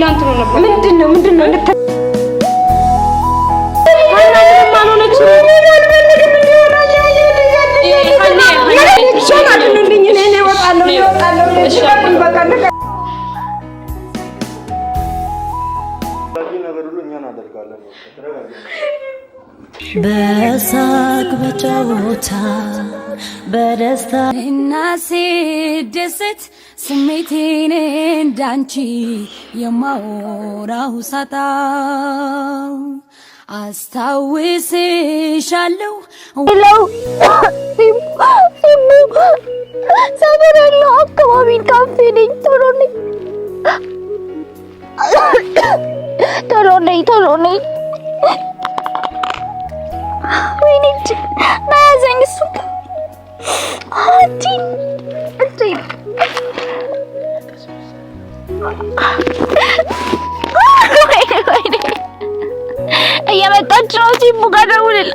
ሌላ እንትኑ ነበር። ምንድን ነው ምንድን ነው? በሳቅ በጨዋታ በደስታ እና ሲደሰት ስሜቴን እንዳንቺ የማወራው ሳጣ አስታውስሻለሁ ለው ሰፈር ያለው አካባቢን ካፌ ነኝ። ቶሎ ነኝ ቶሎ ነኝ ቶሎ ነኝ። ወይኔ ናያዘኝ እሱ እንዴ እየመጣች ነው። ሲሙ ጋር ደውልልኝ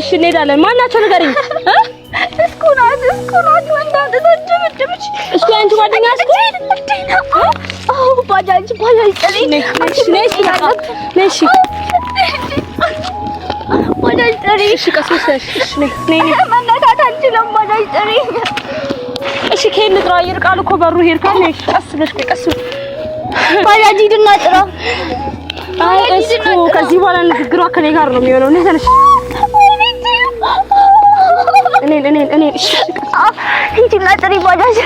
እሺ እንሄዳለን። ማናቸው ንገሪኝ። እስኩ ናት እስኩ ናት ወንዳንድ ተደብድብች እስኩ አንቺ ጓደኛ እስኩ አዎ ባጃጅ ባጃጅ ጥሪ ነሽ ነሽ ነሽ ባጃጅ ጥሪ እሺ ቀስመሽ እሺ ነይ ነይ መነካት አንችልም ባጃጅ ጥሪ እሺ ከሄድን ጥራ ይርቃል እኮ በሩ ሄድካል ነሽ ቀስ ብለሽ ቀስ ባጃጅ ሂድና ጥራ አይ እስኩ ከዚህ በኋላ ንግግሯ ከኔ ጋር ነው የሚሆነው ነይ ተነሽ እኔ እኔ እኔ ይችላል ጥሪ ባጃጅ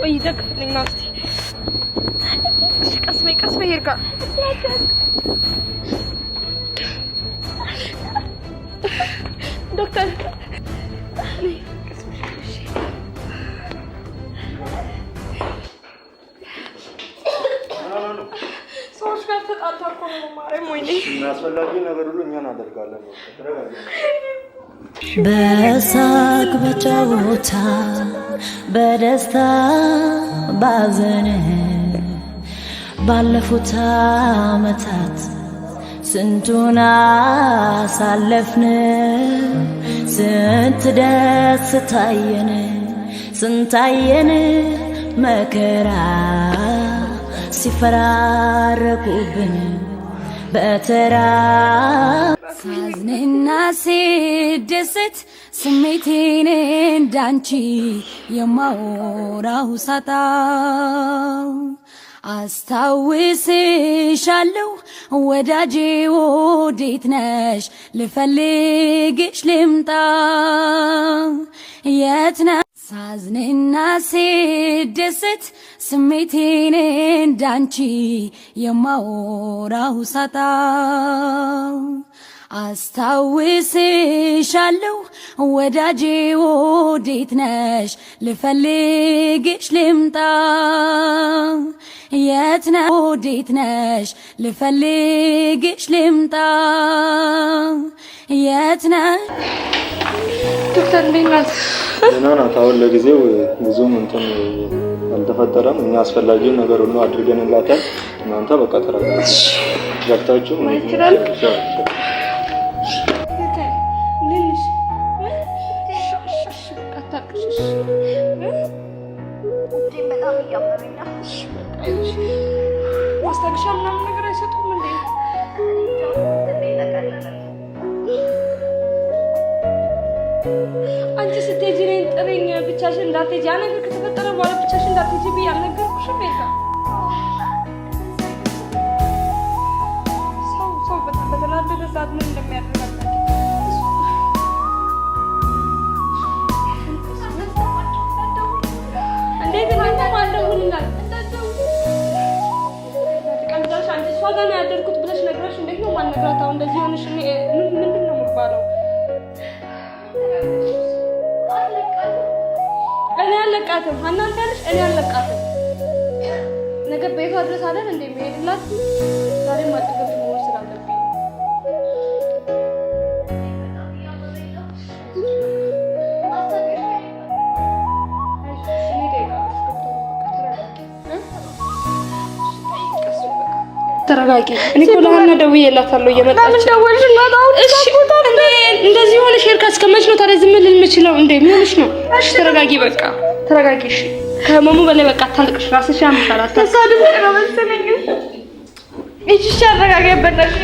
ቆይ ደግፍልኝ ናስቲ። ቀስ በይ ቀስ በይ ይርጋ ዶክተር ሰዎች ጋር ተጣጣ እኮ ነው ማርያም። ወይኔ አስፈላጊ ነገር ሁሉ እኛ እናደርጋለን። በሳቅ በጨዋታ በደስታ ባዘን ባለፉት ዓመታት ስንቱን አሳለፍን፣ ስንት ደስ ታየን፣ ስንታየን መከራ ሲፈራረቁብን በተራ ሳዝንና ሲደሰት ስሜቴን እንዳንቺ የማወራው ሳጣ አስታውስሻለሁ ወዳጄ ወዴት ነሽ? ልፈልግሽ ልምጣ የትነ ሳዝንና ስደስት ስሜቴን እንዳንቺ የማወራው ሳጣ አስታውስሻለሁ ወዳጄ ወዴት ነሽ? ልፈልግሽ ልምጣ የት ነሽ? ወዴት ነሽ? ልፈልግሽ ልምጣ የት ነሽ? ዶክተር እንዴት ደህና ናት። አሁን ለጊዜው ብዙም እንትን አልተፈጠረም። እኛ አስፈላጊውን ነገር ሁሉ አድርገንላታል። እናንተ በቃ ተረጋግታችሁ कुछ भी अलग ተረጋጊ። እኔ እኮ ለሀና ደውዬላታለሁ እየመጣች እንደዚህ ሆነ? ሼር እስከ መች ነው ታዲያ ዝም ልል የምችለው? እንደ የሚሆንሽ ነው። እሺ ተረጋጊ፣ በቃ ተረጋጊ። እሺ ከመሙ በላይ በቃ አታልቅሽ። ራስሽ ያምሻል። አታሳድም ነው መሰለኝ። እሺ አረጋጊ። በእናትሽ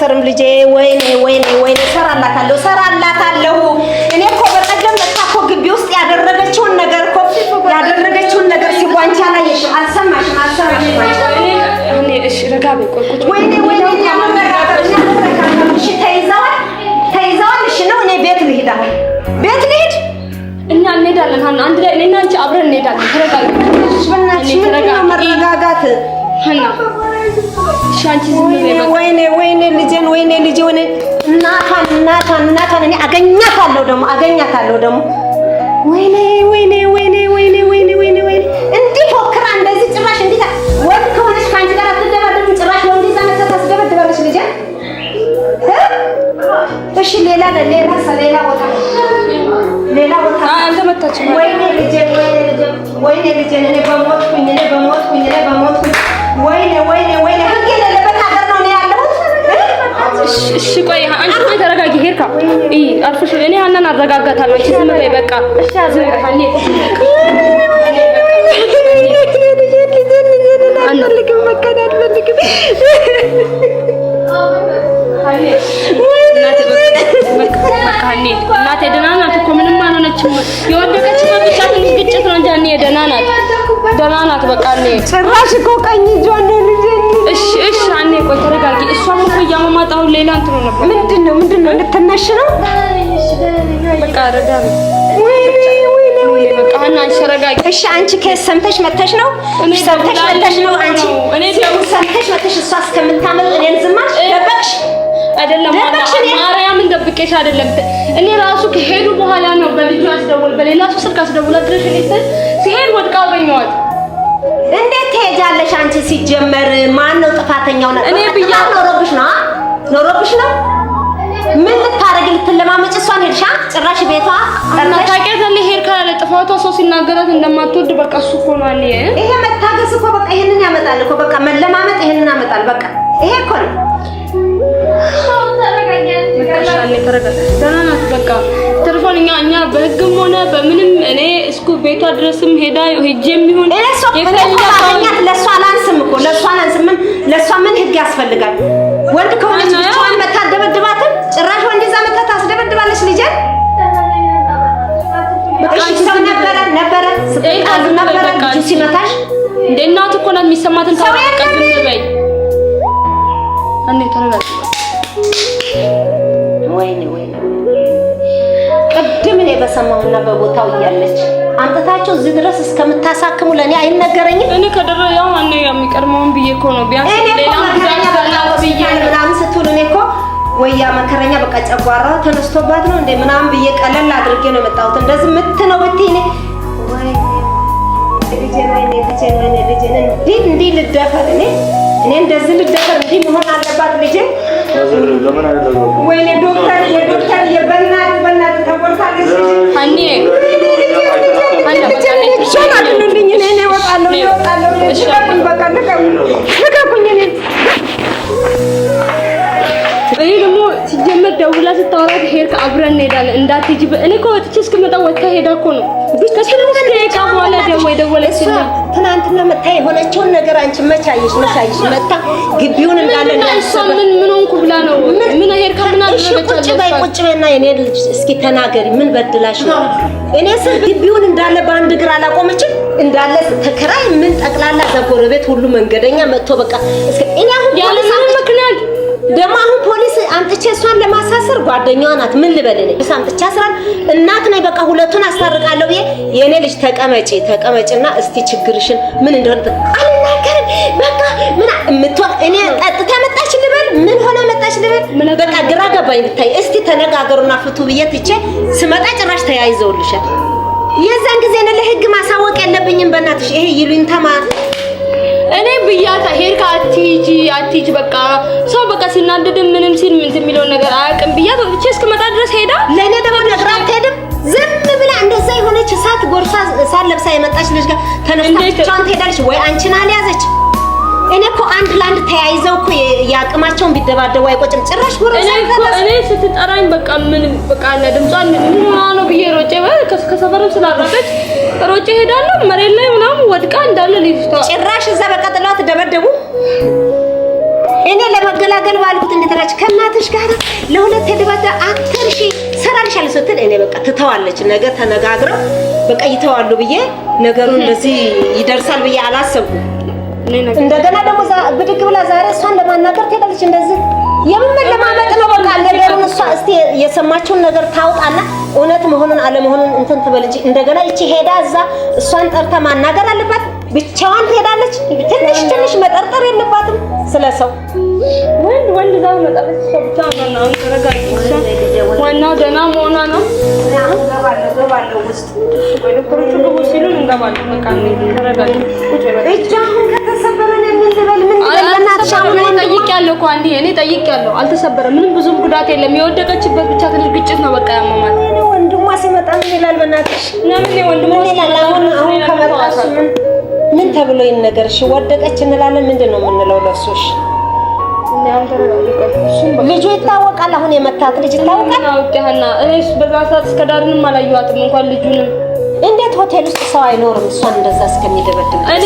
አትታሰርም ልጄ። ወይኔ ወይኔ ወይኔ፣ እሰራላታለሁ እሰራላታለሁ። እኔ እኮ በቀደም ለካ እኮ ግቢ ውስጥ ያደረገችውን ነገር እኮ ያደረገችውን ነገር ሲቧንቻ ላይ አልሰማሽም? አልሰማሽም? ወይኔ ወይኔ፣ እኛ መመራቀር እሺ፣ ተይዘዋል ተይዘዋል። እሺ ነው እኔ ቤት ልሂድ፣ ቤት ልሂድ እኛ እንሄዳለን። ሀና አንድ ላይ እኔና አንቺ አብረን እንሄዳለን። ተረጋጋ፣ ተረጋጋ። ምንድን ነው መረጋጋት ሀና ወይኔ ወይኔ ልጄን ወይኔ ልጄ ወይኔ እናቷን እናቷን እናቷን እኔ አገኛታለሁ ደግሞ አገኛታለሁ ደግሞ ወይኔ ወይኔ ወይኔ ወይኔ ወይኔ ወይኔ ወይኔ እንዲህ ፎክራ እንደዚህ ጭራሽ እንዲህ ወንድ ከሆነች ከአንቺ ጋር አትደባደብም። ጭራሽ ወንድ ይዛ መታ ታስደበድባለች ልጄን። እሺ ሌላ ሌላ ሌላ ቦታ ሌላ ቦታ አልተመታችም። ወይኔ ልጄን ወይኔ ልጄን ወይኔ ልጄን እኔ በሞትኩኝ እኔ በሞትኩኝ እኔ በሞትኩኝ ወይኔ ወይኔ ወይኔ ህግ የሌለበት ሀገር ነው ያለሁት። እሺ ቆይ አንቺ ቆይ ተረጋጊ። ሄርካ እይ አርፈሽ እኔ ሀናን አረጋጋታለሁ። እሺ ዝም በይ በቃ እናቴ ደህና ናት እኮ ምንም አልሆነችም። የወደቀች ብቻ ትንሽ ግጭት ነው እንጂ ደህና ናት፣ ደህና ናት። በቃ ጭራሽ እኮ ቀኝ ሌላ እንትኑ ነበር። ምንድን ነው ምንድን ነው? ልትነሽ ነው? በቃ አረጋ እሺ። አንቺ ከየት መተሽ ነው? ሰምተሽ መተሽ ነው? አንቺ እኔ ደግሞ ሰምተሽ መተሽ እሷ እስከምታመጥ እኔን ዝም አልሽ። ደበቅሽ አይደለም ማርያምን ደብቄሽ አይደለም። እኔ ራሱ ከሄዱ በኋላ ነው በልጁ አስደውል በሌላ ሰው ስልክ አስደውል አድረሽ እኔ ሲሄድ ወድቃ አገኘኋት። እንዴት ትሄጃለሽ አንቺ? ሲጀመር ማን ነው ጥፋተኛው? እኔ ብያ ነው ረብሽ ነው ኖሮብሽ ነው? ምን ልታረግ ልትለማመጭ? እሷን ሄድሻ ጭራሽ ቤቷ ታውቂያታለህ። ሄድ ካላለ ጥፋቷ ሰው ሲናገራት እንደማትወድ በቃ እሱ እኮ ነው አለ። ይሄ መታገስ እኮ በቃ ይሄንን ያመጣል እኮ በቃ መለማመጥ ይሄንን ያመጣል። በቃ ይሄ እኮ ነው። በቃ ተርፎን እኛ እኛ በህግም ሆነ በምንም እኔ እስኩ ቤቷ ድረስም ሄዳ ሄጄም ይሁን ለእሷ አላንስም እኮ ለእሷ አላንስም። ለእሷ ምን ህግ ያስፈልጋል? ወንድ ከሆነች ብቻዋን መታ አትደበድባትም። ጭራሽ ወንድ እዛ መታ ታስደበድባለች ልጄን። ነበረ ነበረ ስትጣሉ ነበረ ልጁ ሲመታሽ እንደ እኮ ናት የሚሰማትን በይ ወይኔ ወይኔ በሰማውና በቦታው እያለች አምጥታችሁ እዚህ ድረስ እስከምታሳክሙ ለእኔ አይነገረኝም። እኔ ከደረ ያው ማን ነው የሚቀድመውን ብዬ እኮ ነው ቢያንስ ሌላ ምናምን ስትሉ እኔ እኮ ወያ መከረኛ በቃ ጨጓራ ተነስቶባት ነው እንዴ ምናምን ብዬ ቀለል አድርጌ ነው የመጣሁት። እንደዚህ ምት ነው ብትይ እኔ እንዲህ እንዲህ ልደፈር እኔ እኔ እንደዚህ ልደፈር እንዲህ መሆን አለባት ልጄ ወይኔ ዶክተር የዶክተር የበና ከፈለክ አብረን እንሄዳለን። እንዳትሄጂ እኔ እኮ ወጥቼ እስክመጣ ወጥታ ሄዳ እኮ ነው። በኋላ ደግሞ የደወለች ትናንትና መጣ የሆነችውን ነገር አንቺ መች አየሽ? መጣ ግቢውን እንዳለ ነው። ምን ምን ሆንኩ ብላ ነው ምን አሄር ሄድካ ነው ነው? ቁጭ በይ ቁጭ በይና የኔ ልጅ እስኪ ተናገሪ። ምን በድላሽ ነው? እኔ ስል ግቢውን እንዳለ በአንድ እግር አላቆመችም እንዳለ ተከራይ ምን ጠቅላላ ዘጎረቤት ሁሉ መንገደኛ መጥቶ በቃ እስኪ እኔ አሁን ያለ ምክንያት ደግሞ አሁን ፖሊስ አንጥቼ እሷን ለማሳሰር ጓደኛዋ ናት። ምን ልበልልኝ? እሷ አንጥቼ አስራት እናት ነኝ። በቃ ሁለቱን አስታርቃለሁ ብዬ የኔ ልጅ ተቀመጪ ተቀመጪና እስቲ ችግርሽን ምን እንደሆነ አልናገርም። በቃ ምን እምትሆን እኔ ጠጥታ መጣች ልበል፣ ምን ሆነ መጣች ልበል፣ በቃ ግራ ገባኝ። ብታይ እስቲ ተነጋገሩና ፍቱ ብዬ ትቼ ስመጣ ጭራሽ ተያይዘውልሻል። የዛን ጊዜ ነው ለህግ ማሳወቅ ያለብኝም። በእናትሽ ይሄ ይሉኝ ይሉኝታማ እኔ ብያታ ሄርካ አትሂጂ አትሂጂ በቃ ሰው በቃ ሲናደድ ምንም ሲል ምን የሚለውን ነገር አያውቅም ብያት ወጥቼ እስክመጣ ድረስ ሄዳ ለእኔ ደግሞ ነግራ አትሄድም። ዝም ብላ እንደዛ የሆነች እሳት ጎርሳ ሳትለብሳ የመጣች ልጅ ጋር ተነስታ ብቻዋን ትሄዳለች ወይ አንቺን አልያዘች እኔ እኮ አንድ ለአንድ ተያይዘው እኮ የአቅማቸውን ቢደባደቡ አይቆጭም። ጭራሽ ጉራ እኔ ስትጠራኝ በቃ ምን በቃ አለ ድምጿን ምን ሆና ነው ብዬ ሮጬ ከሰፈርም ስላረቀች ሮጬ ሄዳለሁ። መሬት ላይ ምናምን ወድቃ እንዳለ ልጅቷ ጭራሽ እዛ በቃ ጥላት ደበደቡ። እኔ ለመገላገል ባልኩት እንደተራች ከእናትሽ ጋር ለሁለት ተደባደ አትርሺ ሰራልሻለሁ ስትል እኔ በቃ ትተዋለች። ነገር ተነጋግረው በቃ ይተዋሉ ብዬ ነገሩን እንደዚህ ይደርሳል ብዬ አላሰብኩም። እንደገና ደግሞ ብድግ ብላ ዛሬ እሷን ለማናገር ትሄዳለች። እንደዚህ የምመለማመጥ ነው በቃ ነገሩን። እሷ እስቲ የሰማችውን ነገር ታውጣና እውነት መሆኑን አለመሆኑን እንትን ትበል እንጂ እንደገና ይቺ ሄዳ እዛ እሷን ጠርታ ማናገር አለባት። ብቻዋን ትሄዳለች። ትንሽ ትንሽ መጠርጠር የለባትም ስለ ሰው ወንድ ወንድ ብቻ ነው። ዋናው ደህና መሆኗ ነው። ጠይቄያለሁ እኮ አንዴ እኔ ጠይቄያለሁ። አልተሰበረም፣ ምንም ብዙም ጉዳት የለም። የወደቀችበት ብቻ ትንሽ ግጭት ነው በቃ ያመማል። ወንድሟ ሲመጣ ምን ይላል? በእናትሽ ለምን ወንድሟ ምን ተብሎ ይነገርሽ? ወደቀች እንላለን። ምንድን ነው የምንለው ለእሱ? እሺ ልጁ ይታወቃል። አሁን የመታት ልጅ ይታወቃል። አውቄሃና እንዴት ሆቴል ውስጥ ሰው አይኖርም? እሷን እንደዛ እስከሚደበድብ እኔ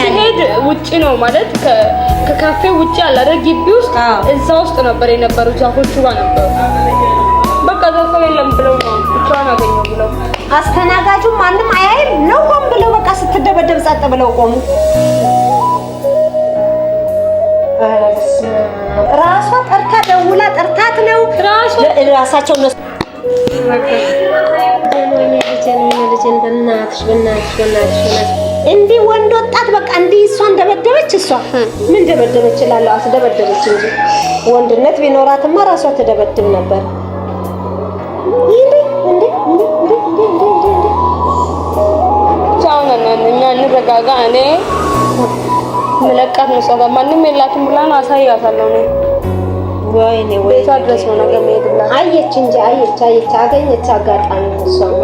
ስሄድ ውጪ ነው ማለት ከካፌ ውጭ አለ አይደል? ግቢ ውስጥ እዛ ውስጥ ነበር የነበሩ ዛፎቹ ጋር ነበሩ። በቃ እዛ ሰው የለም ብለው ነው ብቻዋን አገኘሁ ብለው አስተናጋጁ ማንም አያይም ነው ቆም ብለው በቃ ስትደበደብ ጸጥ ብለው ቆሙ። ራሷ ጠርታ ደውላ ጠርታት ነው ራሳቸው እነሱ እንዲህ ወንድ ወጣት በቃ እንዲህ እሷን ደበደበች። እሷ ምን ደበደበች እላለሁ፣ አስደበደበች እንጂ ወንድነት ቢኖራትማ ራሷ ትደበድብ ነበር። እኛ እንረጋጋ። እኔ ምለቃት ነው ጸጋ ማንም የላትም ብላን አሳያታለሁ ነው ወይኔ ወይ ድረስ ነው ነገር መሄድ አየች እንጂ አየች አየች አገኘች አጋጣሚ እሷማ